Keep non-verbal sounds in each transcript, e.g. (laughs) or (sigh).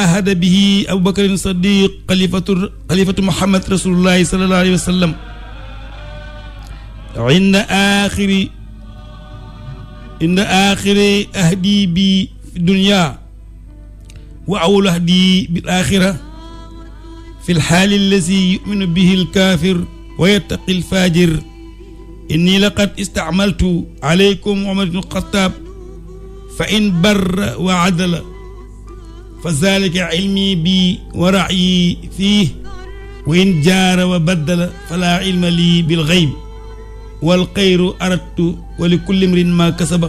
ahada bihi abubakarin sadiq xalifatu xalifatu muhammad rasulullahi sallallahu alayhi wa sallam inda axiri inda axiri ahdi bi fi dunya wa awul ahdi bil axira fi lxaali allazi yuminu bihi alkaafir wa yattaqi alfaajir inni laqad istacmaltu alaykum umar ibnu alxataab fa in barra wa adala fa zalika ilmi bi wa ra'yi fii wa in jaara wa baddala falaa ilma lii bilxayb wal xayru aradtu wa li kulli imrin maa kasaba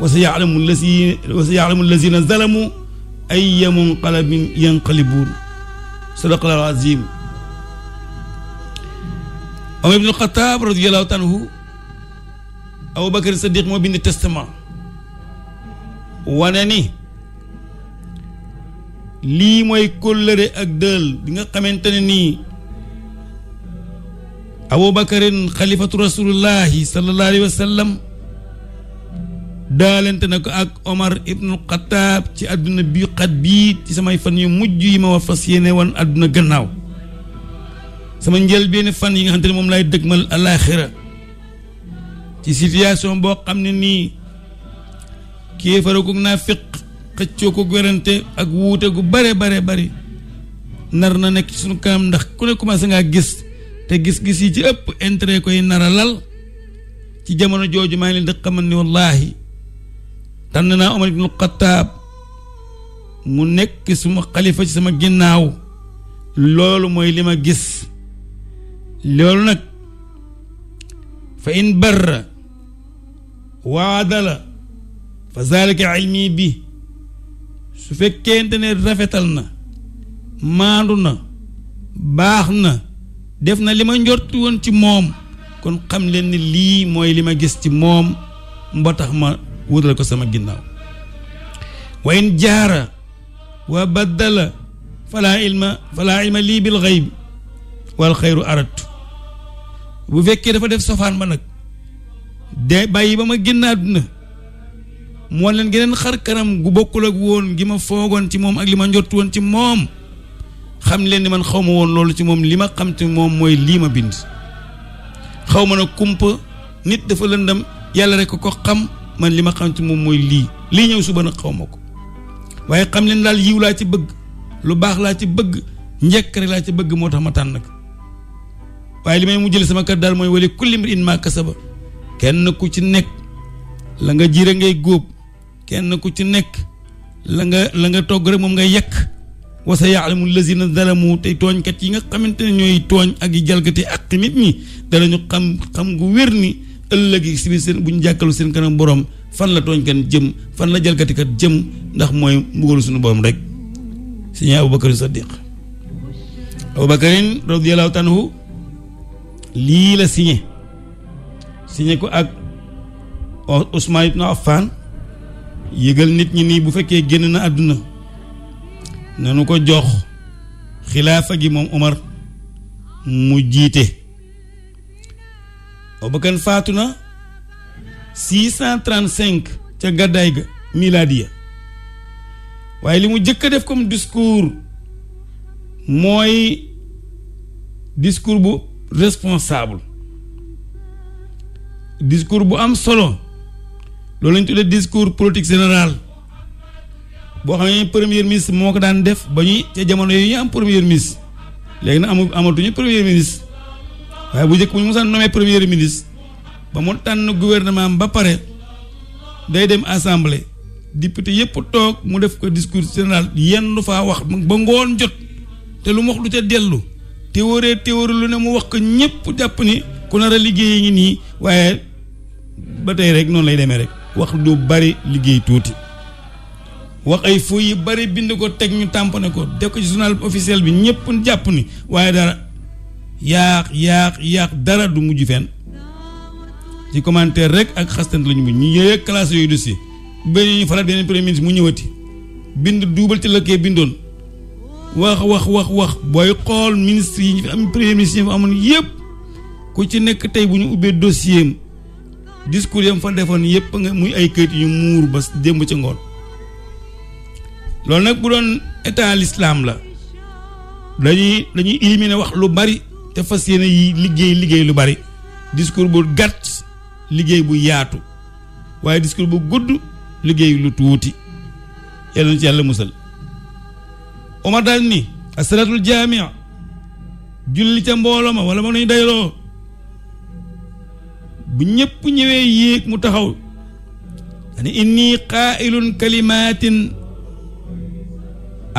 wa sa yalamu lazi wa sa yalamu lazina zalamu ayya munqalabin yanqalibuun sadaqallaahu aziim Omar ibn Xataab radiyallaahu anhu Abubakar Sadiq moo bind testament wane ni lii mooy kóllëre ak dël bi nga xamante ne nii abubakarin xalifatu rasulullahi sallallahu alayhi wa sallam na ko ak omar ibnul xataab ci àdduna bii xat bii ci samay fan yu mujj yi ma war fas yéene woon àdduna gannaaw sama njëlbéen fan yi nga xamante ne moom laay dëgmal alaaxira ci situation boo xam ne nii kéefara koog naa fiq xëccoo ko gërante ak wuute gu bare bare bari nar na nekk ci suñu kanam ndax ku ne commencé ngaa gis te gis-gis yi ci ëpp intérêt koy nar a lal ci jamono jooju maa ngi leen di xamal ni wallaahi tànn naa Omar ibnul Xattaab mu nekk suma xalifa ci sama ginnaaw loolu mooy li ma gis loolu nag fa in barra waadala fa zalika ilmi bi su fekkente ne rafetal na maandu na baax na def na li ma njorti woon ci moom kon xam leen ni lii mooy li ma gis ci moom mba tax ma wutal ko sama ginnaaw wa in jaara wa baddala falaa ilma falaa ilma lii bil xayb wal xayru arattu bu fekkee dafa def sofaan ba nag de bàyyi ba ma génn àdduna moo leen geneen xar kanam gu bokkul ak woon gi ma foogoon ci moom ak li ma njott woon ci moom xam leen ni man xaw ma woon loolu ci moom li ma xam te moom mooy lii ma bind xaw ma na kumpa nit dafa lëndam yàlla rek ko xam man li ma xam ci moom mooy lii lii ñëw suba nag xaw ma ko waaye xam leen daal yiw laa ci bëgg lu baax laa ci bëgg njëkk rek laa ci bëgg moo tax ma tànn ko waaye li may mujjël sama kat daal mooy wali kulli mri'in maa kasaba kenn ku ci nekk la nga jiire ngay góob kenn ku ci nekk la nga la nga togg rek moom nga yekk wa sa yaalamu lazina zalamu te tooñkat yi nga xamante ne ñooy tooñ ak yi jalgati ak nit ñi danañu xam xam gu wér ni ëllëg yi si biir seen bu ñu jàkkalu seen kanam borom fan la tooñkat jëm fan la jalgatikat jëm ndax mooy mbugalu suñu borom rek sëñ Abubakar Sadiq Abubakarin radiyallahu anhu lii la signé signé ko ak Ousmane ibn Affan yëgal nit ñi nii bu fekkee génn na àdduna nanu ko jox xilaafa gi moom Omar mu jiite Abubakar faatu na 635 ca gàddaay ga milaadiya waaye li mu jëkk a def comme discours mooy discours bu responsable discours bu am solo loolu lañ tuddee discours politique général boo xam ne premier ministre moo ko daan def ba ñuy ca jamono yooyu ñu am première ministre léegi nag amul amatuñu premier ministre waaye bu njëkk bu ñu mosaan nommé première ministre ba mu tànn gouvernement ba pare day dem assemblée député yëpp toog mu def ko discours général yenn faa wax ba ngoon jot te lu mu wax lu ca dellu téwóree téwóri lu ne mu wax ko ñëpp jàpp ni ku nar a liggéey ngi nii waaye ba tey rek noonu lay demee rek wax lu bari liggéey tuuti wax ay foo yi bari bind ko teg ñu tàmpane ko def ko ci journal officiel bi ñëpp jàpp ni waaye dara yaax yaax yaax dara du mujj fenn ci commentaire rek ak xastante lañu ñu mujj ñu yëyee classe yooyu du si ba ñu falaat beneen premier ministre mu ñëwati bind duubal ci la bindoon wax wax wax wax booy xool ministre yi am premier ministre yi fi amoon yëpp ku ci nekk tey bu ñu ubbee dossier discours yam fa defoon yëpp nga muy ay këyit yu muur ba démb ca ngoon loolu nag bu doon état lislaam la dañuy dañuy éliminer wax lu bari te fas yéene yi liggéey liggéey lu bari discours bu gàtt liggéey bu yaatu waaye discours bu gudd liggéey lu tuuti yàlla na ci yàlla musal Omar daal ni asalatul jaamia julli ca mbooloo ma wala ma nuy dayloo bu ñëpp ñëwee yéeg mu taxaw dane inni qaa'ilun kalimatin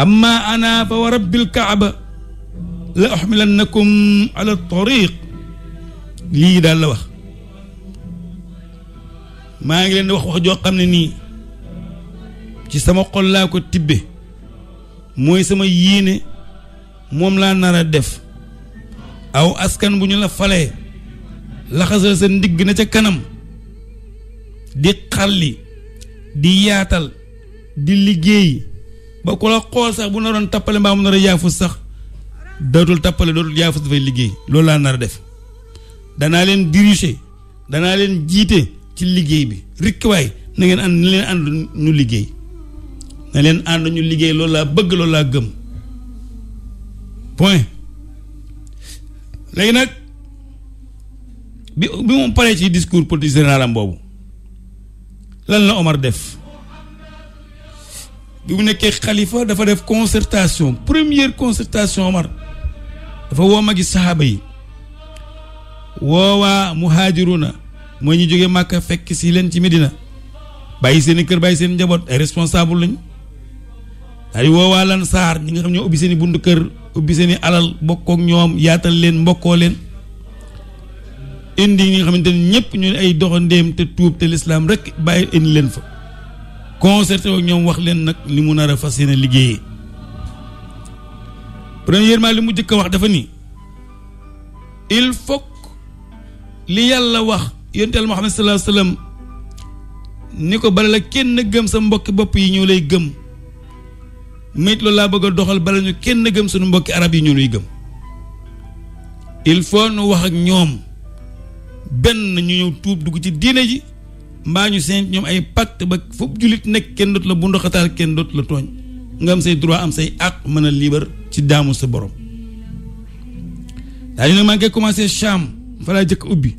amma ana fa wa rabbil kaaba la uxmilannakum ala tariq lii daal la wax maa ngi leen di wax wax joo xam ne nii ci sama xol laa ko tibbe mooy sama yéene moom laa nara def aw askan bu ñu la fale laxasal sa ndigg na ca kanam di xalli di yaatal di liggéey ba ku la xool sax bu naroon tappale mbaa mu nar a yaafus sax dootul tappale dootul yaafus dafay liggéey loolu laa nar a def danaa leen diriger danaa leen jiite ci liggéey bi rikkiwaay nangeen ngeen ànd na ñu liggéey na leen ànd ñu liggéey loolu laa bëgg loolu laa gëm point léegi nag bi bi mu paree ci discours politique général am boobu lan la Omar def bi mu nekkee xalifa dafa def concertation première concertation Omar dafa woo yi saxaaba yi woowaa na mooy ñu jógee Màkka fekk si leen ci Medina bàyyi seen kër bàyyi seen njaboot ay responsable lañu daal woowaa lan saar ñi nga xam ñoo ubbi seen buntu kër ubbi seen alal bokkook ñoom yaatal leen mbokkoo leen indi ñi nga xamante ne ñëpp ñu ne ay doxandéem te tuub te lislaam rek bàyyi indi leen fa concerté ak ñoom wax leen nag li mu nar a fas yéene liggéeyee premièrement li mu jëkk a wax dafa ni il faut li yàlla wax yonenteel Muhammad sallallahu alayhi wasallam ni ko bala la kenn gëm sa mbokki bopp yi ñëw lay gëm mait loolu laa bëgg doxal bala ñu kenn gëm suñu mbokki arab yi ñu lay gëm il faut nu wax ak ñoom benn ñu ñëw tuub dugg ci diine ji mbaa ñu seen ñoom ay pacte ba foop jullit nekk kenn dootu la bu ndoxataal kenn dootu la tooñ nga am say droit am say àq mën a libre ci daamu sa borom daa ñu maa ngi commencé Cham fa laa ubbi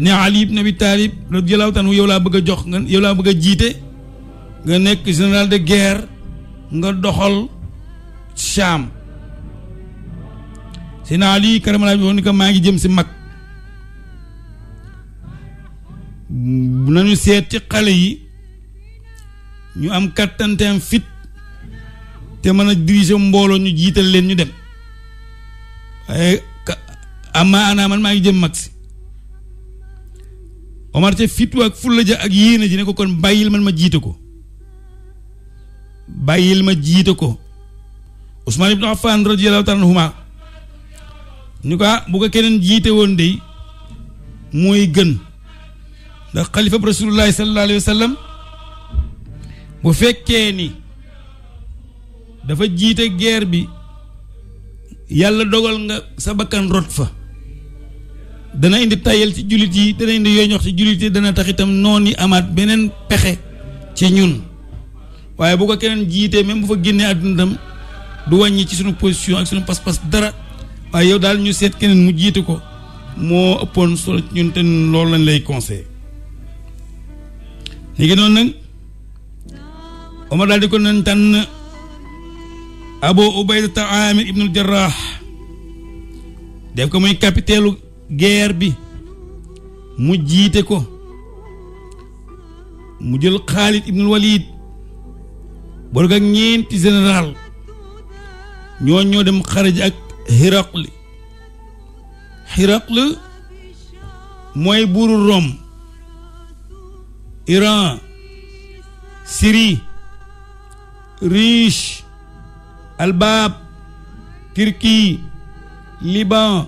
ne Ali ibn Abi Talib radiyallahu taala yow laa bëgg a jox nga laa bëgg a jiite nga nekk général de guerre nga doxal Cham seen Ali karamalaa bi wax ni maa ngi jëm si mag nañu seeti xale yi ñu am kattanteem fit te mën a diriger mbooloo ñu jiital leen ñu dem waaye eh, ama ana man maa ngi jëm mag si Omar te fit ak fulla ja ak yéene ji ne ko kon bàyyil man ma jiite ko bàyyil ma jiite ko Ousmane ibn Affan radiyallahu taala anhuma ñu ko ah, bu ko keneen jiite woon dey mooy gën ndax xalifab rasulullahi sallallahu alayhi wa sallam bu fekkee ni dafa jiite guerre bi yàlla dogal nga sa bakkan rot fa dana indi tayal ci jullit yi dana indi yooy ñox ci jullit yi dana tax itam noon yi amaat beneen pexe ci ñun waaye bu ko keneen jiitee même bu fa génnee àdduna tam du wàññi ci suñu position ak suñu pas-pas dara waaye yow daal ñu seet keneen mu jiite ko moo ëppoon solo ci ñun te loolu lañ lay conseil léegi noonu nag Omar daal ko nañ tànn Abu Ubayda Amir ibnul Jarrah def ko muy capitaine guerre bi mu jiite ko mu jël Xaalid ibnul Walid boole ko ñeenti général ñoo dem xaraj ak Hiraqli Hiraqli mooy buuru Rome Iran Syrie Riche Albab Turquie Liban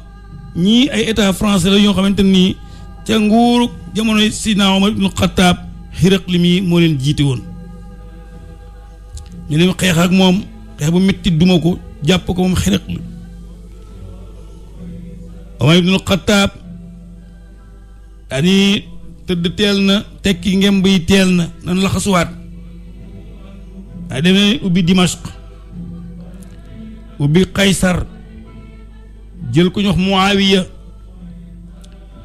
ñii ay état français la yoo xamante nii ca nguur jamono Sidna Omar ibnu Xattaab xiraq li mii moo leen jiite woon ñu leen xeex ak moom xeex bu métti duma ko jàpp ko moom xiraq li Omar ibnu Xattaab daani tëdd teel na tekki ngemb yi teel na nan laxasuwaat ay demee ubbi Dimashq ubbi kaysar jël ko ñox wax Muawiya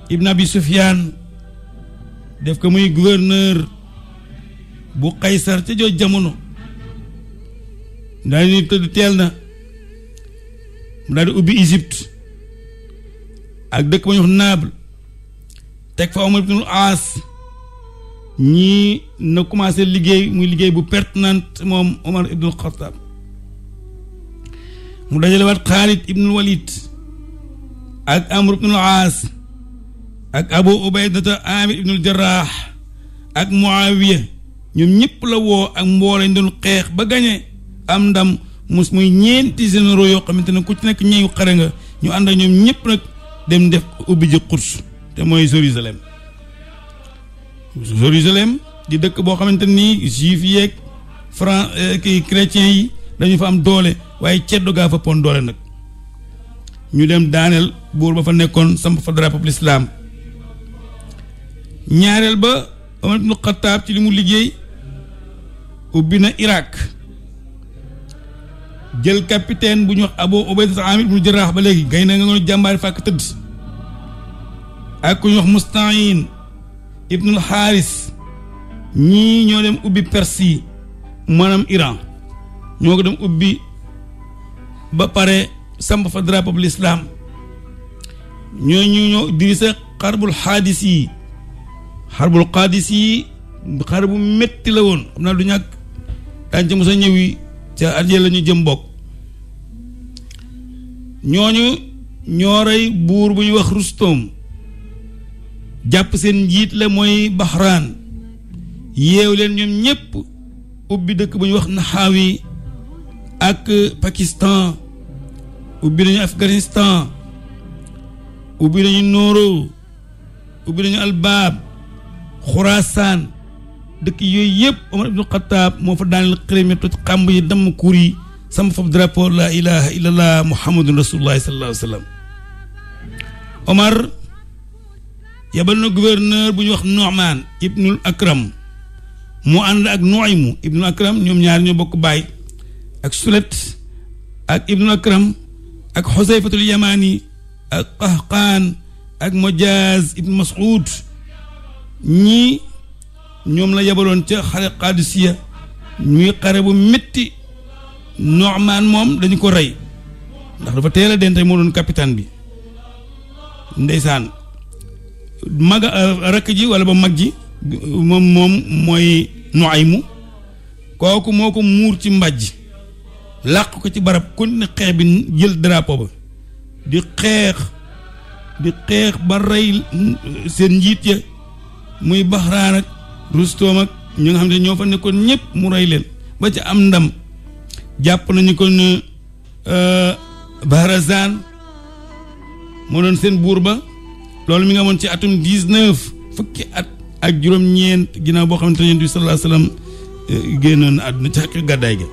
ibn Abi Sufyaan def ko muy gouverneur bu Qaysar ca jooj jamono daal ni tëdd teel na mu daal di ubbi Égypte ak dëkk ba ñu wax teg fa Omar ibnul Aas ñii na commencé liggéey muy liggéey bu pertinente moom Omar ibnul Xattaab mu dajalewaat Xaalid ibnul Walid ak Amr ibnul Aas ak Abu Ubaydata Amir ibnul Jarraax ak Muawiya ñoom ñëpp la woo ak mboole doon xeex ba gañe am ndam mus muy ñeenti généraux yoo xamante ne ku ci nekk ñeeyu xare nga ñu ànd ak ñoom ñëpp nag dem def ubbi ji te mooy Jérusalem Jérusalem di dëkk boo xamante ni juif yeeg franc eh, kii chrétien yi dañu fa am doole waaye ceddo gaa fa doole nag ñu dem daaneel buur ba fa nekkoon samp fa drapeau l'islam ñaareel ba Omar ibn Khattab ci limu liggéey ubbi na Irak jël capitaine bu ñu wax Abu Ubayda Amir ibn Jarrah ba léegi gay na nga ngoon jàmbaari fàkk tëdd ak ku ñu wax Mustahin ibnul Xaaris ñii ñoo dem ubbi Perse maanaam Iran ñoo ko dem ubbi ba pare samp fa drapeau lislaam ñoo ñu ñoo dirise xarbul xaadis yi xarbul xaadis yi xar bu métti la woon xam naa du ñàkk daañu ci mos ñëwi ca arjee la ñu jëm bokk ñooñu ñoo rey buur bu ñuy wax Rustum jàpp seen njiit la mooy Baxraan yeew leen ñoom ñëpp ubbi dëkk bu ñu wax Naxaawi ak Pakistan ubbi nañu Afghanistan ubbi nañu Nooro ubbi nañu Albaab Xuraasaan dëkk yooyu yëpp Omar ibnu Xataab moo fa daaneel xërëm yi toj xàmb yi damm kuur sama fab drapeau la ilaha illallah muhammadun rasulullah sallallahu alayhi yabal na gouverneur bu ñu wax Nu'man ibnul Akram mu ànd ak Nu'aymu ibnul Akram ñoom ñaar ñoo bokk baay ak Sulet ak ibnul Akram ak Xusayfatul Yamani ak Qahqaan ak Mujaaz ibnu Mas'ud ñii ñoom la yabaloon ca xare Qadisiya ñuy xare bu metti Nu'man moom dañu ko rey ndax dafa teel a dente moo doon capitaine bi ndeysaan mag euh, rakk ji wala ba mag ji moom moom mooy ay mu kooku moo ko muur ci mbàjj làq ko ci barab ku ne xeex bi jël drapo ba di xeex di xeex ba rey seen njiit ya muy Baxraan ak Rustoom ak ñu nga xam ne ñoo fa nekkoon ñëpp mu rey leen ba ci am ndam jàpp nañu ko ne euh, Bahrazaan moo doon seen buur ba loolu mi nga amoon ci atum dix-neuf fukki ak juróom-ñeent boo xamante ne bi sallallahu alayhi wasallam eh, génnoon gàddaay gi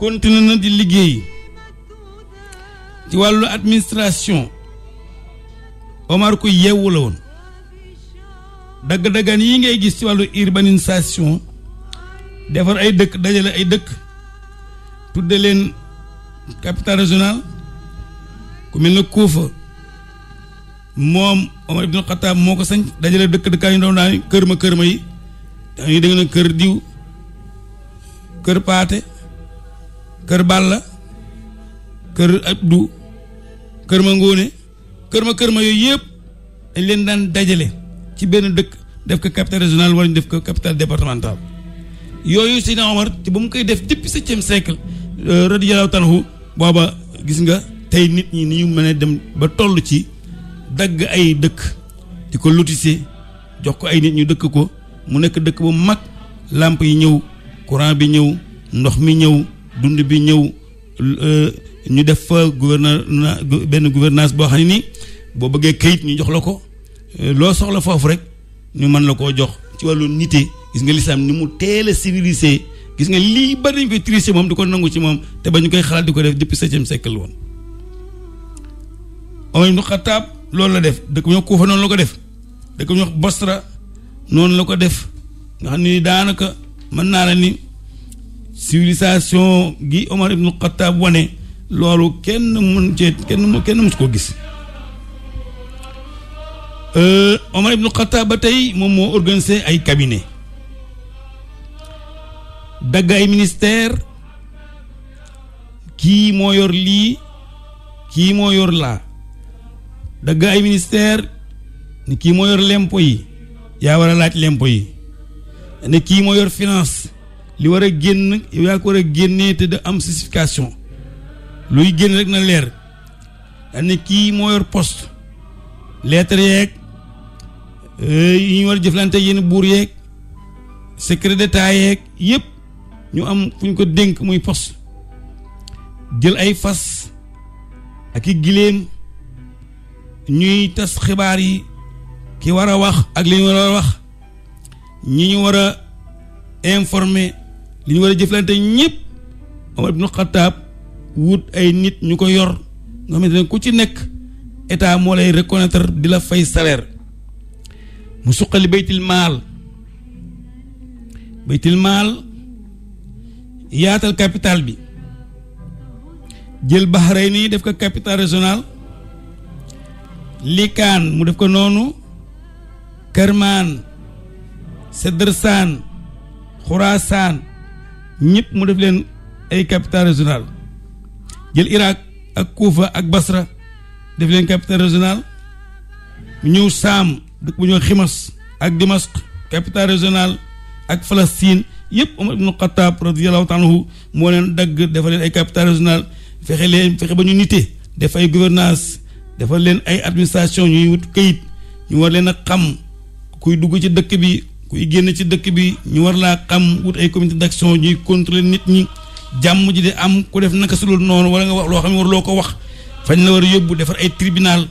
Omar di liggéey ci wàllu administration Omar ku yeewu la woon dagg-daggaan yi ngay gis ci wàllu urbanisation defar ay dëkk dajale ay dëkk tudde leen capitale régionale ku mel na Kuufa moom Omar ibn Khattab moo ko sañ dajale dëkk dëkkaa yu doon daan kër ma kër ma yi dañuy dégg na kër diw kër paate kër balla kër abdu kër ma ngóone kër ma kër ma yooyu yëpp dañ leen daan dajale ci benn dëkk def ko capital régional wala ñu def ko capital départemental yooyu Seydina Omar ci ba mu koy def depuis septième siècle euh, radiyallahu anhu booba gis nga tey nit ñi ni ñu mën a dem ba toll ci dagg ay dëkk di ko lotissé jox ko ay nit ñu dëkk ko mu nekk dëkk bu mag làmp yi ñëw courant bi ñëw ndox mi ñëw dund bi ñëw euh, ñu def fa gouverneur benn gouvernance boo xam ne nii boo bëggee kayit ñu jox la ko euh, loo soxla foofu rek ñu mën la koo jox ci wàllu nité gis nga lislaam ni mu teel a civilisé gis nga lii bari nañ koy tricher moom di ko nangu ci moom te ba ñu koy xalaat di ko def depuis septième siècle woon Omar ibn Khattab loolu la def dëkk bu ñu Kuufa noonu la ko def dëkk bu ñu wax noonu la ko def nga xam ni daanaka mën naa la ni civilisation gi Omar ibn Khattab wane loolu kenn mën cee kenn kenn mës koo gis euh, Omar ibn Khattab ba tey moom moo organisé ay cabinet dagg ay ministère kii moo yor lii kii moo yor laa dagg ay ministère ne kii moo yor lempo yi yaa war a laaj lempo yi ne kii moo yor finance li war a génn yaa ko war a génnee te am certification luy génn rek na leer ne kii moo post poste yeek yeeg euh, yi ñu war a jëflante yéen buur yeeg secret d'état yeeg yëpp ñu am fu ñu ko dénk muy post jël ay fas ak i giléem ñuy tas xibaar yi ki war a wax ak li ñu war a wax ñi ñu war a informer li ñu war a jëflante ñëpp Omar ibnu Xataab wut ay nit ñu ko yor nga xamante ne ku ci nekk état moo lay reconnaître di la fay salaire mu suqali baytil maal yaatal capital bi jël Bahrain nii def ko capital régional likaan mu def ko noonu kërmaan sedrsaan xuraasaan ñëpp mu def leen ay capital régional jël Irak ak Kuufa ak Basra def leen capital régional ñëw Saam dëkk bu ñëw Ximas ak Dimask capital régional ak Palestine yëpp Omar ibnu Xataab radiyallahu taala anhu moo leen dagg dafa leen ay capital régional fexe leen fexe ba ñu nite def ay gouvernance defal leen ay administration ñuy wut kayit ñu war leen a xam kuy dugg ci dëkk bi kuy génn ci dëkk bi ñu war laa xam wut ay comité d'action ñuy contrôler nit ñi jàmm ji di am ku def naka su noonu wala nga wax loo xam ne war loo ko wax fañ la war a yóbbu defal ay tribunal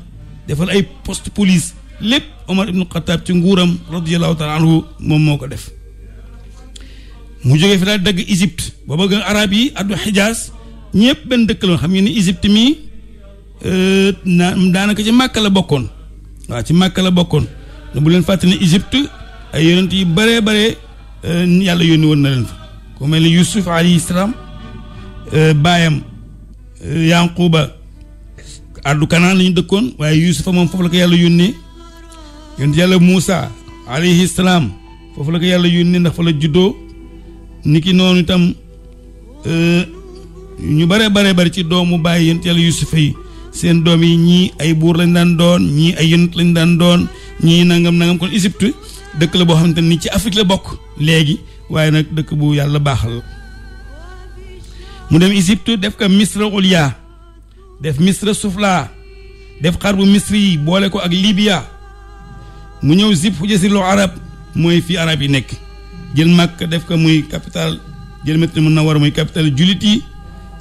defal ay poste police lépp Omar ibnu Xataab ci nguuram radiyallahu taala anhu moom moo ko def mu jógee fi daal dagg Égypte ba bëgg arab yi addu Xijaas ñëpp benn dëkk la xam ngeen ni Égypte mii Euh, daanaka ci màkk la bokkoon waa ci màkk la bokkoon bu leen fàtte ne Égypte ay yonent yu bëree bëree euh, yàlla yónni woon na leen fa ku mel Yusuf alayhi euh, baayam Yanquba addu Kanaan la dëkkoon waaye Yusufa moom foofu la ko yàlla yónnee yonent yàlla Moussa alayhi salaam foofu la ko yàlla yónnee ndax fa la juddoo ni ki noonu itam ñu bare bare bari ci doomu bàyyi yonent yàlla Yusufa yi seen doom yi ñii ay buur lañ daan doon ñii ay yonent lañ daan doon ñii nangam nangam kon Égypte dëkk la boo xamante ni ci Afrique la bokk léegi waaye nag dëkk bu yàlla baaxal mu dem Égypte def ko Misra ulya def Misra sufla def xar bu Misri yi boole ko ak Libya mu ñëw zip fu jasiru arab mooy fii arab yi nekk jël Makka def ko muy capital jël Madina Munawwara muy capital jullit yi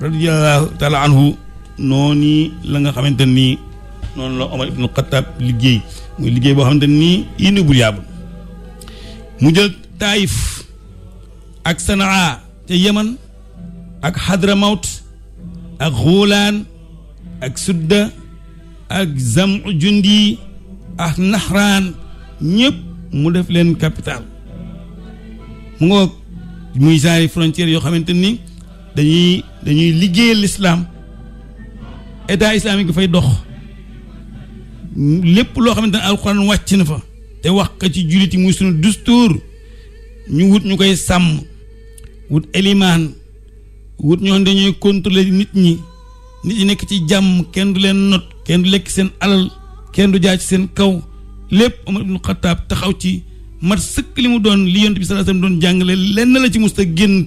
radiyallahu noonu la nga xamante nii noonu la Omar ibnu Xattaab liggéey muy liggéey boo xamante nii inoubliable mu jël Taayif ak Sanaa ca Yaman ak Hadramawt ak Xulaan ak Sudda ak Zamu Jundi ak Nahraan ñëpp mu def leen capital mu ngoog muy genre frontière yoo xamante ni dañuy dañuy liggéey lislaam état islamique dafay dox lépp loo xamante ne alxuraan wàcc na fa te wax ko ci jullit yi muy sunu dustuur ñu wut ñu koy sàmm wut elimaan wut ñoo xam dañuy contrôler nit ñi nit ñi nekk ci jàmm kenn du leen not kenn du lekk seen alal kenn du jaar ci seen kaw lépp Omar ibnu Xataab taxaw ci mat sëkk li mu doon li yonent bi sallallahu alayhi doon jàngale lenn la ci musta génn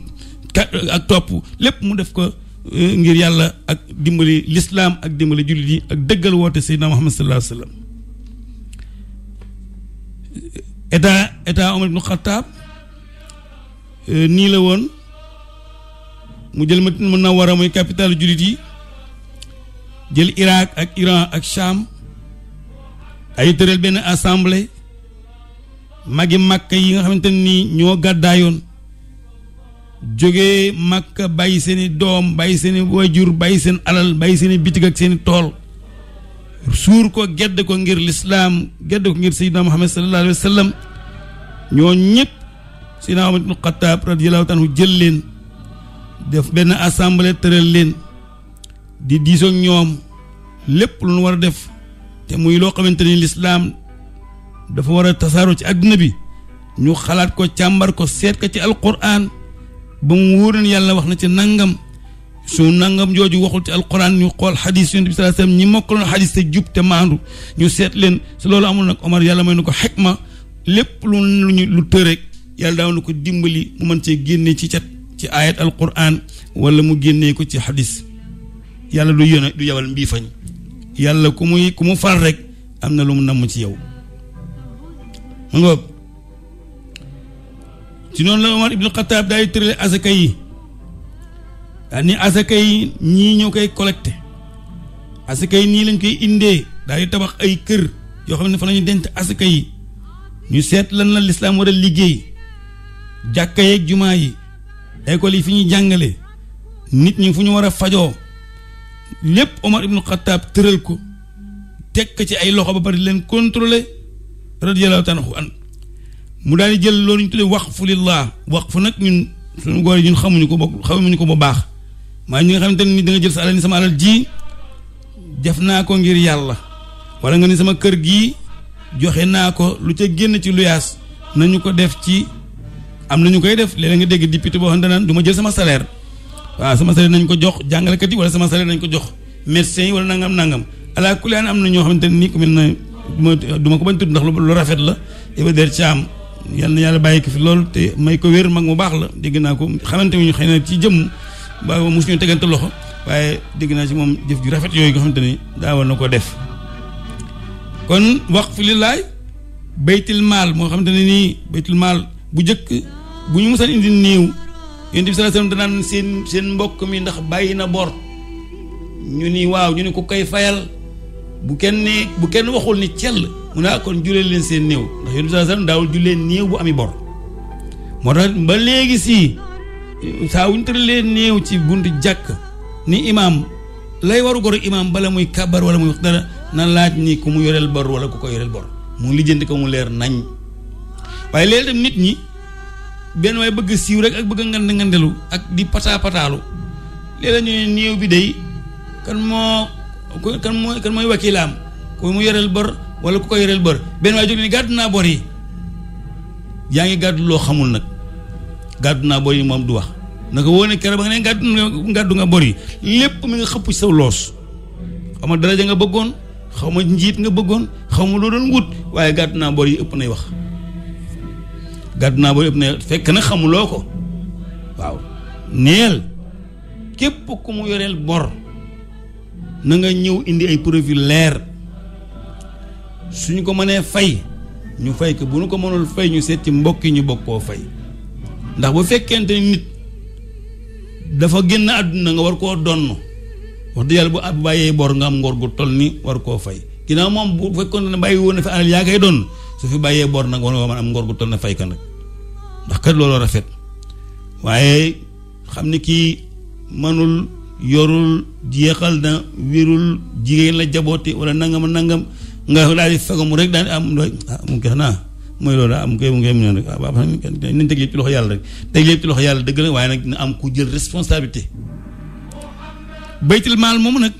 ak topp lépp mu def ko Euh, ngir yàlla ak dimbali lislaam ak dimbali jullit yi ak dëggal woote Seydina Muhammad sallallahu alayhi wa sallam euh, état état Omar ibn euh, nii la woon mu jël Madina a muy capital jullit yi jël Irak ak Iran ak Sham ay tëral benn assemblée magi Makka yi nga xamante nii ñoo gàddaayoon jóge Makka bàyyi seeni doom bàyyi seen i wajur bàyyi seen alal bàyyi seen i bitig ak seen tool suur ko gedd ko ngir lislaam gedd ko ngir sayyidina Muhammad sallallahu alayhi wa sallam ñoo ñëpp sayyidina Umar ibn Xattaab radiyallahu anhu jël leen def benn assemblée tëral leen di diisoo ñoom lépp lu war a def te muy loo xamante ni lislaam dafa war a tasaaroo ci àdduna bi ñu xalaat ko càmbar ko seet ko ci alquran ba mu wóor ne yàlla wax na ci nangam su nangam jooju waxul ci alquran ñu xool xadis yonent bi sallallahu alayhi wasallam ñi mokkaloon xadis te jub te maandu ñu seet leen su loolu amul nag Omar yàlla may na ko ma lépp lu ñu lu tërek yàlla daaw na ko dimbali mu mën cee génne ci cat ci ayat alquran wala mu génnee ko ci xadis yàlla du yónne du yabal mbii yàlla ku muy ku mu fal rek am na lu mu namm ci yow. ci noonu la Omar ibnu Xataab daay tërale asaka yi daal ni asaka yi ñii ñoo koy collecté asaka yi nii lañ koy indee daal di tabax ay kër yoo xam ne fa nañu dent denc asaka yi ñu seet lan la lislaam war a liggéey jàkka yeeg jumaa yi école yi fi ñuy jàngale nit ñi fu ñu war a fajoo lépp Omar ibnu Xataab tëral ko teg ci ay loxo ba bari leen contrôler radiyallahu taala an mu daal di jël loolu ñu tuddee waqfu lillah waqfu nag ñun suñu góor yi ñun xamuñu ko ba xamuñu ko ba baax maa ñi nga xamante ni da nga jël sa alal ni sama alal ji def naa ko ngir yàlla wala nga ni sama kër gi joxe naa ko lu ca génn ci luyaas ñu ko def ci am na ñu koy def léeg nga dégg député boo xam ne naan du ma jël sama salaire waaw sama salaire nañ ko jox jàngalekat yi wala sama salaire nañ ko jox médecins yi wala nangam nangam ala kulli am na ñoo xamante ni ku mel ne du ma ko bañ tudd ndax lu rafet la Iba yal na yàlla bàyyi ko fi lool te may ko wér mag mu baax la dégg naa ko xamante ñu xëy na ci jëmm ba mosu ñu tegante loxo waaye dégg naa ci moom jëf ju rafet yooyu nga xamante ni daawal na ko def kon waqf lillaay baytil maal moo xamante ne nii baytil maal bu njëkk bu ñu mosaan indi néew yonent bi sallallahu alayhi seen seen mbokk mi ndax bàyyi na bor ñu ni waaw ñu ni ko kay fayal bu kenn bu kenn waxul ni cell mu ne ah, kon jullee leen seen néew ndax yonent bi sallallahu alayhi wasallam néew bu ami bor moo tax ba léegi si saa wuñ tëralee néew ci buntu jàkk ni imaam lay waru goru imaam bala muy kabar wala muy wax dara na laaj ni ku mu yoreel bor wala ku ko yoreel bor mu lijjanti ko mu leer nañ waaye léegi tam nit ñi benn waay bëgg siiw rek ak bëgg a ngand ngandelu ak di pataa pataalu léeg-léeg ñu ne néew bi day kan moo kan mooy kan mooy wakilaam ku mu yoreel bor wala ku ko yoreel bër benn waaye jóg ne gàddu naa bor yi yaa ngi gàddu loo xamul nag gàddu naa bor yi moom du wax na ko wóone keroog ba nga ne gàddu gàddu nga yi lépp mi nga xëpp ci sa loos xaw ma nga bëggoon xaw ma njiit nga bëggoon xaw ma loo doon wut waaye gàddu naa bor yi ëpp nay wax gàddu naa bor yi ëpp nay fekk na xamuloo ko waaw neel képp ku mu yoreel bor na nga ñëw indi ay profil leer suñ ko mënee fay ñu fay ko bu ñu ko mënul fay ñu seet ci mbokk yi ñu bokk koo fay ndax bu fekkente nit dafa génn àdduna nga war koo donn wax dëgg yàlla bu at bàyyee boor nga am ngor gu toll ni war koo fay ginnaaw moom bu fekkoon ne bàyyi woon na fi alal yaa koy doon su fi bàyyee bor nag war nga mën am ngor gu toll na fay ko nag ndax kat loolu rafet waaye xam ne kii mënul yorul jeexal na wérul jigéen la jabooti wala nangam nangam nga daal di fagamu rek daal di am looy ah mu ngi mooy loolu koy mu ngi mu rek ah waaw rek teg lépp ci loxo yàlla dëgg la waaye nag am jël responsabilité baytul maal nag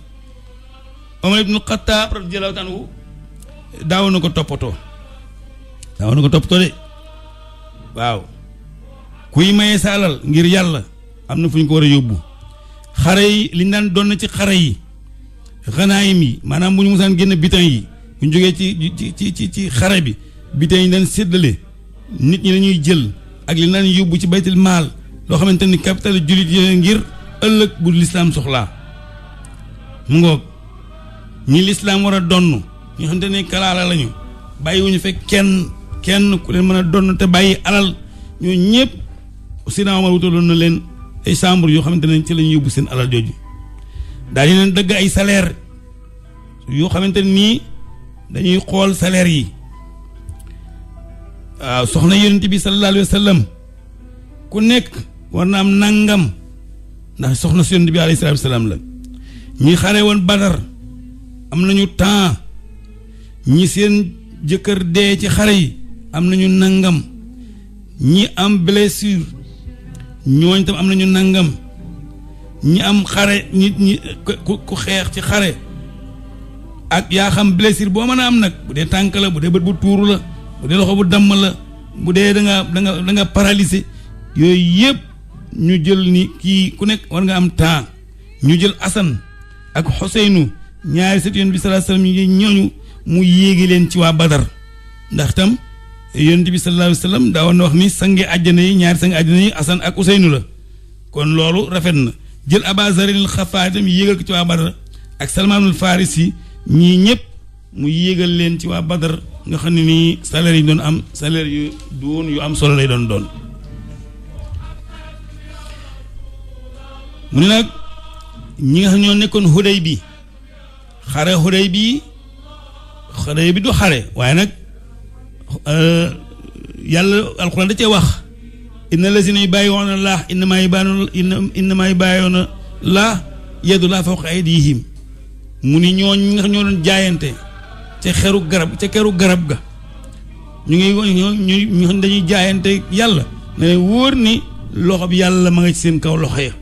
Omar ibnu Xattaab na ko toppatoo daawoon na ko toppatoo waaw kuy maye sa ngir yàlla am na fu ñu ko war a yóbbu xare yi li ñu daan doon na ci xare yi xanaayim yi maanaam bu ñu musaan génn bitan yi bu ñu jógee ci ci ci ci xare bi bi dañ leen séddale nit ñi lañuy jël ak li naan yóbbu ci baytil loo xamante ni capital jullit yi ngir ëllëg bu lislaam soxla mu ngoog ñi lislaam war a donn ñoo xamante ne kalaala lañu bàyyi wu fekk kenn kenn ku leen mën a donn te bàyyi alal ñoo ñëpp Seydina Omar wutaloon na leen ay chambre yoo xamante ne ci lañu yóbbu seen alal jooju daañu leen dëgg ay salaire yoo xamante nii dañuy xool salaire yi waaw soxna yonent bi sallallahu alayhi sallam ku nekk war na am nangam ndax soxna si yonent bi alayhi salaatu salaam la ñi xare woon badar am nañu temps ñi seen jëkkër dee ci xare yi am nañu nangam ñi am blessure ñooñ tam am nañu nangam ñi am xare ñi ñi ku xeex ci xare ak yaa xam blessure boo mën a am nag bu dee tànk la bu dee bët bu tuuru la bu dee loxo bu damm la bu dee danga danga da nga da yooyu yëpp ñu jël ni kii ku nekk war nga am temps ñu jël Assane ak Xuseynu ñaari set yonent bi sallallahu alayhi wasallam yi ñooñu mu yéegi leen ci waa Badar ndax tam yonent bi sallallahu alayhi wasallam daa woon na wax ni sange àjjana yi ñaari sange àjjana yi Assane ak Xuseynu la kon loolu rafet na jël Abaa Zarin al-Xafaari yéegal ko ci waa Badar ak Salmaanul Farisi ñii ñëpp mu yéegal leen ci waa Badar nga xam ne nii salaire yi doon am salaire yu doon yu am solo lay doon doon mu ne nag ñi nga xam ñoo nekkoon xuday bi xare xuday bii xuday bi du xare waaye nag euh, yàlla alxuraan da ca wax inna lazina yu bàyyi woon na laax innamaa yu bàyyi innamaa yu bàyyi woon na laax yadu laa fawqa aydihim mu ni ñooñ nga xam ñoo doon jaayante ca xeru garab ca xeru garab ga ñu ngi ñu ñu jaayante yàlla ne leen wóor ni loxo bi yàlla ma nga ci seen kaw loxo ya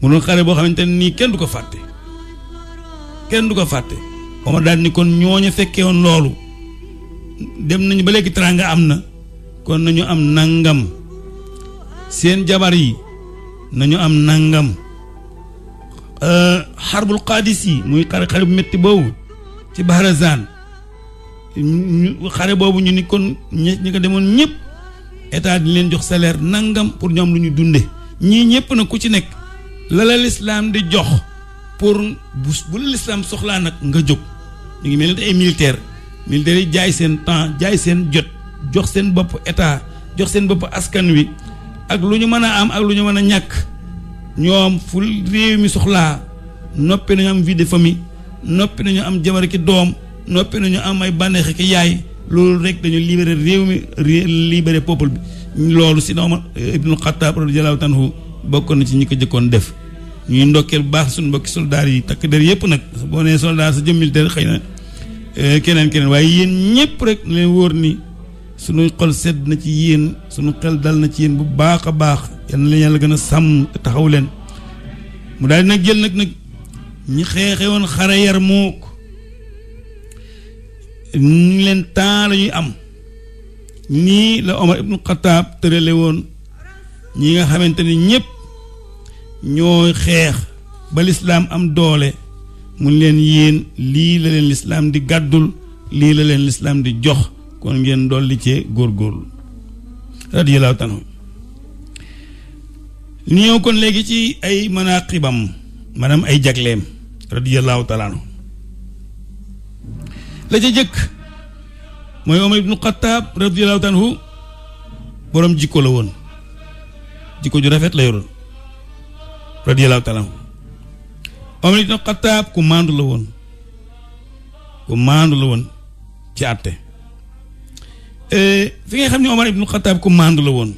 mu doon xare boo xamante ne nii kenn du ko fàtte kenn du ko fàtte oma daal ni kon ñooñu fekke woon loolu dem nañu ba léegi teraanga am na kon nañu am nangam seen jabar yi nañu am nangam xarbul euh, qaadis yi muy xare xare bu métti boobu ci Barazaan xare boobu ñu ni kon ñi ko demoon ñëpp état di leen jox salaire nangam pour ñoom lu ñu dunde ñii ñëpp nag ku ci nekk la la lislaam di jox pour bu bu la lislaam soxlaa nag nga jóg ñu ngi mel ni ay militaire militaires yi jaay seen temps jaay seen jot jox seen bopp état jox seen bopp askan wi ak lu ñu mën a am ak lu ñu mën a ñàkk ñoom fu réew mi soxlaa noppi nañu am vie de famille noppi nañu am jabar ki doom noppi nañu am ay bànneex ki yaay loolu rek dañu libéré réew mi libéré peuple bi loolu si na Omar eh, ibnul Xattaab radiyallaahu anhu bokkoon na ci ñi ko jëkkoon def ñuy ndokkeel bu baax suñu mbokki soldaar yi takk der yëpp nag boo nee soldaar sa jëm militaire xëy na eh, keneen keneen waaye yéen ñëpp rek leen wóor ni suñu xol sedd na ci yéen suñu xel dal na ci yéen bu baax a baax yal na leen yàlla gën a sàmm taxaw leen mu daal nag jël nag nag ñi xeexe woon xare yar mook ñu leen temps la ñuy am nii la Omar ibnu Xataab tërale woon ñi nga xamante ni ñëpp ñoo xeex ba lislaam am doole mu leen yéen lii la leen lislaam di gàddul lii la leen lislaam di jox kon ngeen dolli cee góor radiyallaahu taala ñu ñëw kon léegi ci ay manaqibam maanaam ay jagleem radiyallahu la ca jëkk mooy Omar ibnu Xataab radiyallahu taala anhu boroom jikko la woon jikko ju rafet la yoroon radiyallahu taala anhu Omar ibnu Xataab ku maandu la woon ku maandu la woon ci àtte eh, fi nga xam ne Omar ibnu Xataab ku maandu la woon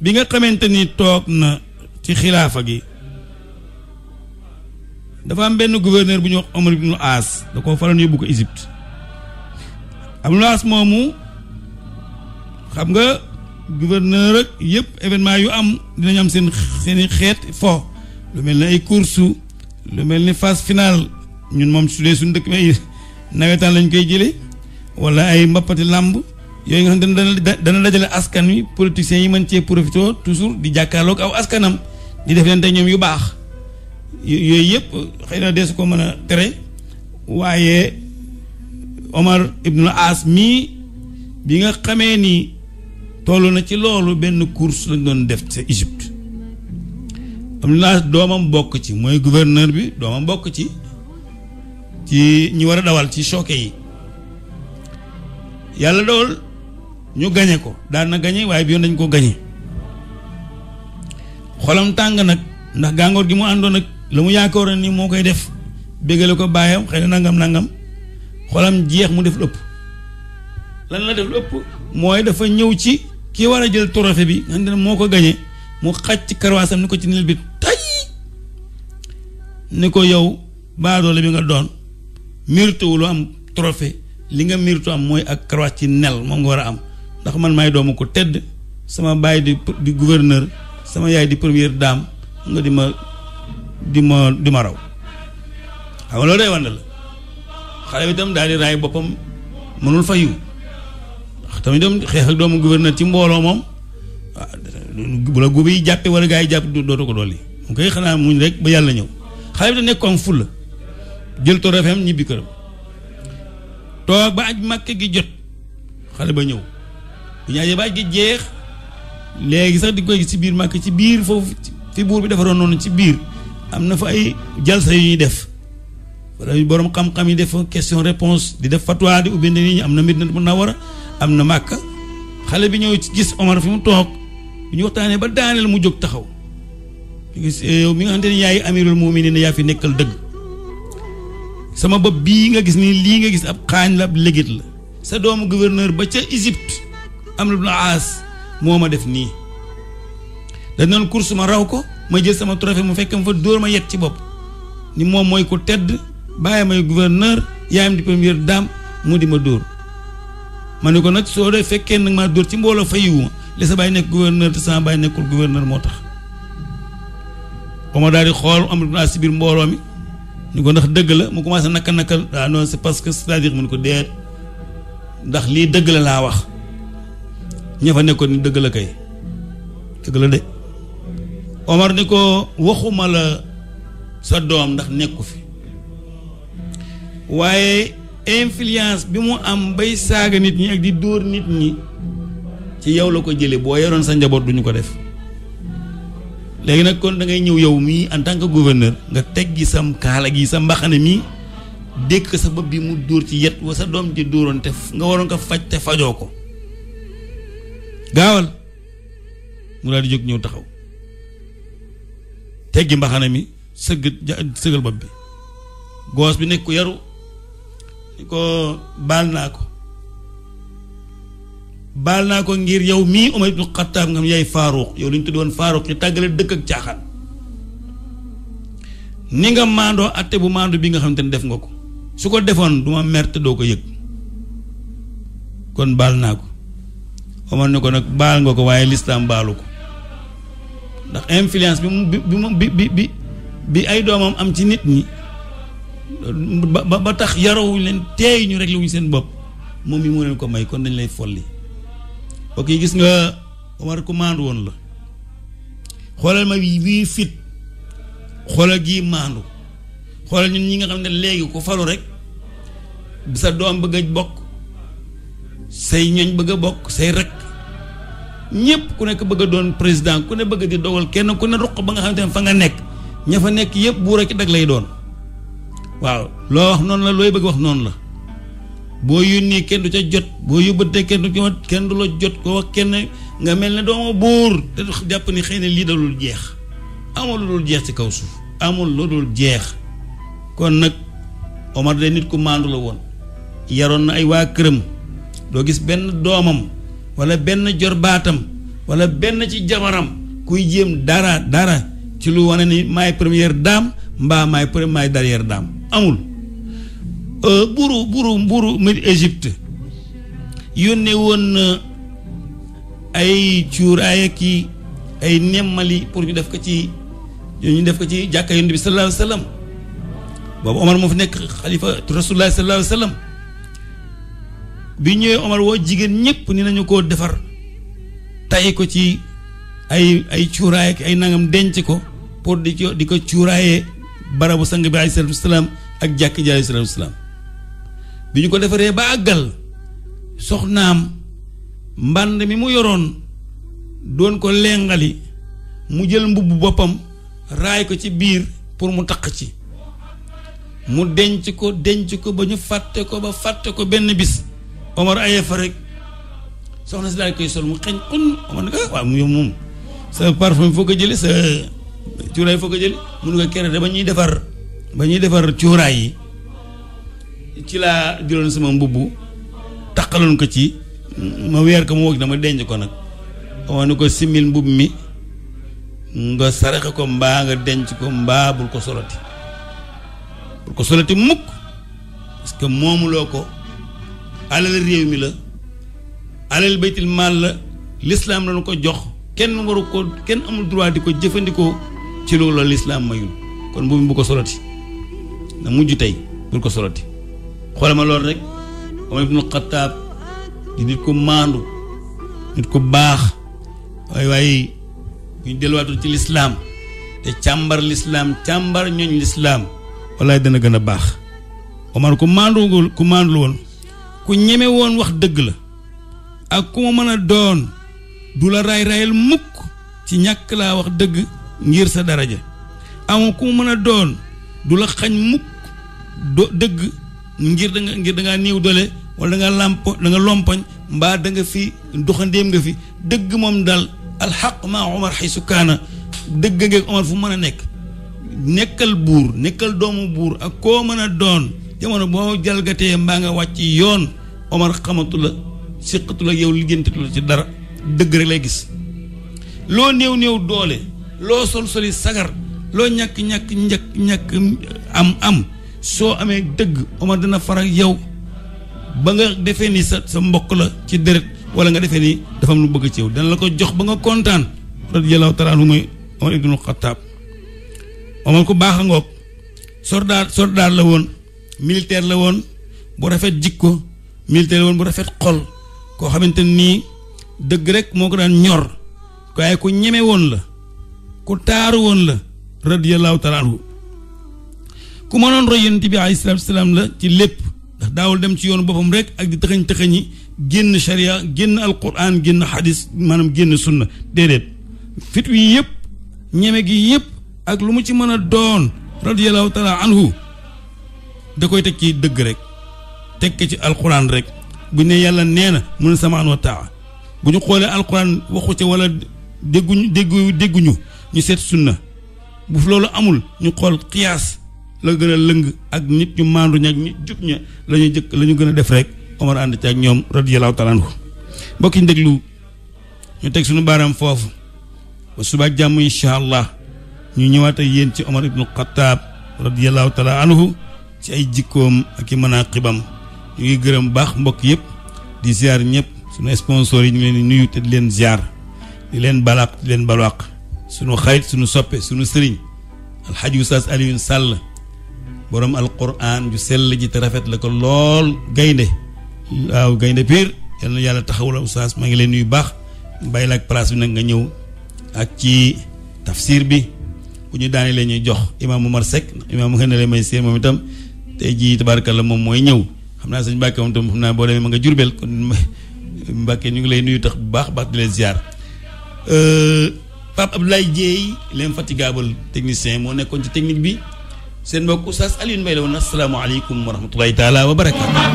bi nga xamante ni toog na ci xilaafa gi dafa am benn gouverneur bu ñu wax Omar ibnu As da koo faroon yóbbu ko Égypte am As moomu xam nga gouverneur ak yëpp événement yu am dinañ am seen seeni xeet fo lu mel ni ay course lu mel ni fas finale ñun moom su dee suñu dëkk may nawetaan lañ koy jëlee wala ay mbappati làmb yooyu nga xam dana dana dajale askan wi politiciens yi mën cee profité toujours di jàkkaarloog aw askanam di def leen te ñoom yu baax yooyu yëpp xëy na deesu ko mën a tere waaye Omar Ibn As mii bi nga xamee ni toll na ci loolu benn course lañ doon def ci Égypte Ibn doomam bokk ci mooy gouverneur bi doomam bokk ci ci ñi war a dawal ci choqué yi yàlla dool ñu gañe ko daan na gañe waaye bi yoon dañ ko gañe xolam tàng nag ndax gàngoor gi mu àndoon nag la mu yaakaaroon ni moo koy def bégale ko baayam xëy na nangam nangam xolam jeex mu def lu ëpp lan la def lu ëpp mooy dafa ñëw ci ki war a jël trophée bi nga xam ne moo ko gañe mu xaj ci karwaasam ni ko ci nil bi tay ko yow baadoole bi nga doon mirtuwulu am trophée li nga mirtu am mooy ak karwaas ci nel moom nga war a am ndax man maay doomu ko tedd sama baay di di gouverneur sama yaay di première daam nga di ma di ma di ma raw xam nga loolu day wànd la xale bi tam daal di raay boppam mënul fayu wax tamit doom xeex ak doomu gouverneur ci mbooloo moom ah, bu la góob yi jàppee wala gaa yi jàpp dootu ko dolli mu koy xanaa muñ rek ba yàlla ñëw xale bi da nekkoon fulla jël torofeem ñibbi këram toog ba aj màkk gi jot xale ba ñëw duñaa yëbaaj gi jeex léegi sax di koy ci biir màkk ci biir foofu fi buur bi defaroon noonu ci biir am na fa ay jalsa yu ñuy def wala borom xam-xam yi def question réponse di def fatwa di ubbi nit am na Medina Munawara am na màkk xale bi ñëw ci gis Omar fi mu toog bu ñu waxtaanee ba daaneel mu jóg taxaw eh, yow mi nga xamante ne yaay amirul ne yaa fi nekkal dëgg sama bopp bii nga gis nii lii nga gis ab xaañ la ab légit la sa doomu gouverneur ba ca Égypte am lu bu ibn as moo ma def nii dañ doon course ma raw ko ma jël sama trophée mu fekkee mu fa dóor ma yet ci bopp ni moom mooy ko tedd bàyyi may gouverneur yaayam di première daam mu di ma dóor ma ne ko nag soo dee fekkee nag maa dóor ci mbooloo fayiwuma li sa bàyyi nekk gouverneur te sama bàyyi nekkul gouverneur moo tax ba ma daal di xool Amr ibn Aas si biir mbooloo mi ñu ko ndax dëgg la mu commencé naka nakal ah non c'est parce que c'est-à-dire mu ne ko déet ndax lii dëgg la laa wax ña fa nekkoon ni dëgg la kay dëgg la de Omar ni ko waxuma la sa doom ndax nekku fi waaye influence bi mu am bay saaga nit ñi ak di dóor nit ñi ci yow la ko jëlee boo yoroon sa njaboot duñu ko def léegi nag kon da ngay ñëw yow mii en tant que gouverneur nga teggi sam kaala gi sa mbaxane mii dékk sa bopp bi mu dóor ci yet wa sa doom ji dóoroon te nga waroon ko faj te fajoo ko gaawal mu daal di jóg ñëw taxaw teggi mbaxana mi sëgg sëgal bopp bi goos bi nekk ku yaru ko baal naa ko baal naa ko ngir yow mii Umar ibnu Xattaab nga xam yaay faaruux yow li ñu tuddoon faaruux ñu tàggale dëkk ak caaxaan ni nga maandoo atte bu maandu bi nga xam te ne def nga ko su ko defoon du ma te doo ko yëg kon baal naa ko xamal ne ko nag baal nga ko waaye lislaam baalu ko ndax influence bi mu bi bi bi bi ay doomam am ci nit ñi ba ba tax yarawuñ leen teey ñu réglé wuñ seen bopp moom mi moo leen ko may kon dañ lay folli ok gis nga Omar ku maandu woon la xoolal ma wii fit xoolal gii maandu xoolal ñu ñi nga xam ne léegi ko falu rek sa doom bëgg a bokk say ñoñ bëgg a bokk say rek ñëpp ku nekk bëgg a doon président ku ne bëgg di dogal kenn ku ne ruq ba nga xamante ne fa nga nekk ña fa nekk yëpp buur ak dag lay doon waaw loo wax noonu la looy bëgg wax noonu la boo yónnee kenn du ca jot boo yóbbatee kenn du ca kenn du la jot ko wax kenn nga mel ne doomu buur te jàpp ni xëy na lii dalul jeex amul lu dul jeex ci kaw suuf amul lu dul jeex kon nag Omar de nit ku maandu la woon yaroon na ay waa këram doo gis benn doomam wala benn jorbaatam wala benn ci jabaram kuy jéem dara dara ci lu wane ni maay première daam mbaa maay maay daam amul euh, buuru buuru buuru mit Égypte yónnee woon ay cuuraay ak ay nemmali pour ñu def ko ci ñu def ko ci jàkka yonent bi sallallahu alayhi boobu Omar moo fi nekk xalifa rasulullah sallallahu alayhi bi ñëwee Omar woo jigéen ñëpp ni nañu koo defar tay ko ci ay ay cuuraay ay nangam denc ko pour di di ko cuuraayee barabu sang bi ak jàkk ji ñu ko defaree ba àggal soxnaam mbànd mi mu yoroon doon ko lengali mu jël mbubb boppam raay ko ci biir pour mu taq ci mu denc ko denc ko ba ñu fàtte ko ba fàtte ko benn bis Omar ayee fa rek soxna si daal koy sol mu xeeñ xun Omar ne ko ah waaw mu yow moom sa parfum foo ko jëlee sa cuuraay foo ko jëlee mun nga kere de ba ñuy defar ba ñuy defar cuuraay yi ci laa jëloon sama mbubb taqaloon ko ci ma weer ko mu wóog dama denc ko nag Omar ne ko simil mbubb mi nga saraxe ko mbaa nga denc ko mbaa bul ko soloti bul ko soloti mukk parce que moomuloo ko. alal réew mi la alal baytil maal la lislaam lañu ko jox kenn waru ko kenn amul droit di ko jëfandikoo ci loolu la lislaam mayul kon bu bu ko soloti na mujj tey bul ko soloti xoolal ma loolu rek Omar ibnul Xataab di nit ko maandu nit ko baax waaye waaye ñu delluwaatul ci lislaam te càmbar lislaam càmbar ñooñ lislaam walla dana gën a baax Omar ku maanduwul ku maandul ku ñemewoon wax dëgg la ak ku mën a doon du la raay raayal mukk ci ñàkk laa wax dëgg ngir sa daraja amoo ku mën a doon du la xañ mukk do dëgg ngir da nga ngir da ngaa néew doole wala da làmp da nga lompoñ mbaa da fi doxandéem nga fi dëgg moom dal alxaq maa omar xaysu kaana dëgg ngeeg omar fu mën a nekk nekkal buur nekkal doomu buur ak koo mën a doon jamono boo jalgatee mbaa nga wàcc yoon Omar xamatu la siqatu la yow liggéentatu la ci dara dëgg rek lay gis loo néew néew doole loo sol soli sagar loo ñàkk ñàkk ñàkk ñàkk am am soo amee dëgg Omar dana far ak yow ba nga defee ni sa sa mbokk la ci deret wala nga defee ni dafa am lu bëgg ci yow dana la ko jox ba nga kontaan radiyallahu taala anhu mooy Omar ibnul Xataab Omar ku baax ngoog sordaar sordaar la woon militaire la woon bu rafet jikko militaire la woon bu rafet xol koo xamante nii dëgg rek moo ko daan ñor waaye ko ñeme woon la ku taaru woon la radiyallahu taala anhu ku mënoon roy yonent bi alayhi salaatu salaam la ci lépp ndax daawul dem ci yoon boppam rek ak di tëxëñ tëxëñi génn sharia génn alquran génn xadis maanaam génn sunna déedéet fit wi yëpp ñeme gi yëpp ak lu mu ci mën a doon radiyallahu taala anhu da koy teg ci dëgg rek teg ko ci alxuraan rek bu ne yàlla nee na mu sama samaan wa bu ñu xoolee alxuraan waxu ci wala dégguñu déggu dégguñu ñu seet sunna bu loolu amul ñu xool xiyaas la gën a lëng ak nit ñu maandu ña ak nit jub ña la ñu jëkk la ñu gën a def rek Omar ànd ci ak ñoom radiyallaahu taala anhu mbokk ñu déglu ñu teg sunu baaraam foofu ba suba jàmm incha allah ñu ñëwaat ak yéen ci Omar ibnu Xataab radiyallaahu ci ay jikkoom ak i manaqibam ñu ngi gërëm baax mbokk yëpp di ziar ñëpp suñu sponsor yi ñu leen di nuyu te di leen ziar di leen balaq di leen balwaq sunu xarit suñu soppe suñu sëriñ alxaji Oustaz Alioune Sall borom alquran ju sell ji te rafet la ko lool gaynde waaw gaynde piir yal na yàlla taxawul Oustaz maa ngi leen nuyu baax bàyyi la ak place bi nag nga ñëw ak ci tafsir bi bu ñu daanee la ñuy jox imam Omar Seck ndax imam xëy moom itam tey jii la moom mooy ñëw xam naa sañ Mbàkke moom tam xam naa boo demee ma nga jurbel kon (laughs) Mbàkke ñu ngi lay nuyu tax bu baax baax di leen ziar euh, Pape Abdoulaye Dieye l'infatigable technicien moo nekkoon ci technique bi seen mbokk Oustaz Alioune Mbaye la woon asalaamaaleykum wa rahmatulahi taala wa